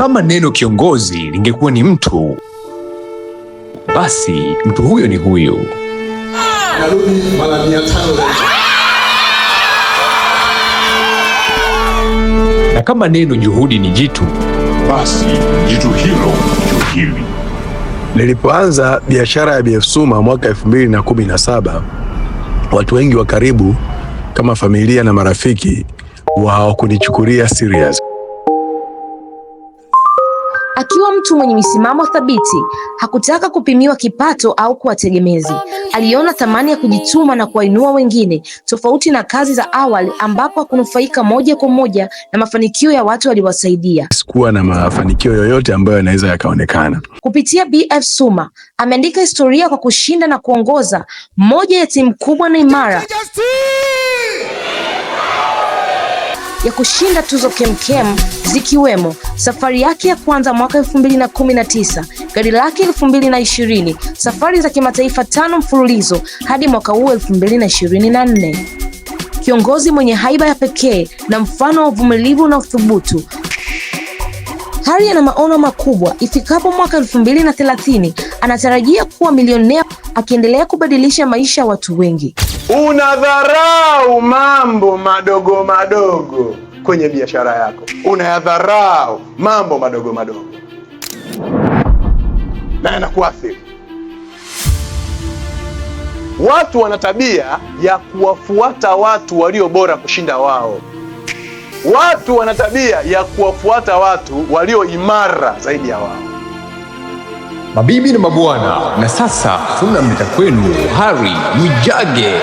Kama neno kiongozi lingekuwa ni mtu, basi mtu huyo ni huyu. Narudi mara mia tano na kama neno juhudi ni jitu, basi jitu hilo ndio hili. Nilipoanza biashara ya BF Suma mwaka 2017 watu wengi wa karibu kama familia na marafiki hawakunichukulia serious. Akiwa mtu mwenye misimamo thabiti, hakutaka kupimiwa kipato au kuwa tegemezi. Aliona thamani ya kujituma na kuwainua wengine, tofauti na kazi za awali ambapo hakunufaika moja kwa moja na mafanikio ya watu waliwasaidia. Sikuwa na mafanikio yoyote ambayo yanaweza yakaonekana. Kupitia BF Suma ameandika historia kwa kushinda na kuongoza moja ya timu kubwa na imara ya kushinda tuzo kemkem zikiwemo safari yake ya kwanza mwaka 2019, gari lake 2020, safari za kimataifa tano mfululizo hadi mwaka huu 2024. Kiongozi mwenye haiba ya pekee na mfano wa uvumilivu na uthubutu Bakari ana maono makubwa. Ifikapo mwaka elfu mbili na thelathini anatarajia kuwa milionea akiendelea kubadilisha maisha ya watu wengi. Unadharau mambo madogo madogo kwenye biashara yako, unayadharau mambo madogo madogo na yanakuathiri. Watu wana tabia ya kuwafuata watu walio bora kushinda wao. Watu wana tabia ya kuwafuata watu walio imara zaidi ya wao. Mabibi na mabwana, na sasa tunamleta kwenu Harry Mwijage.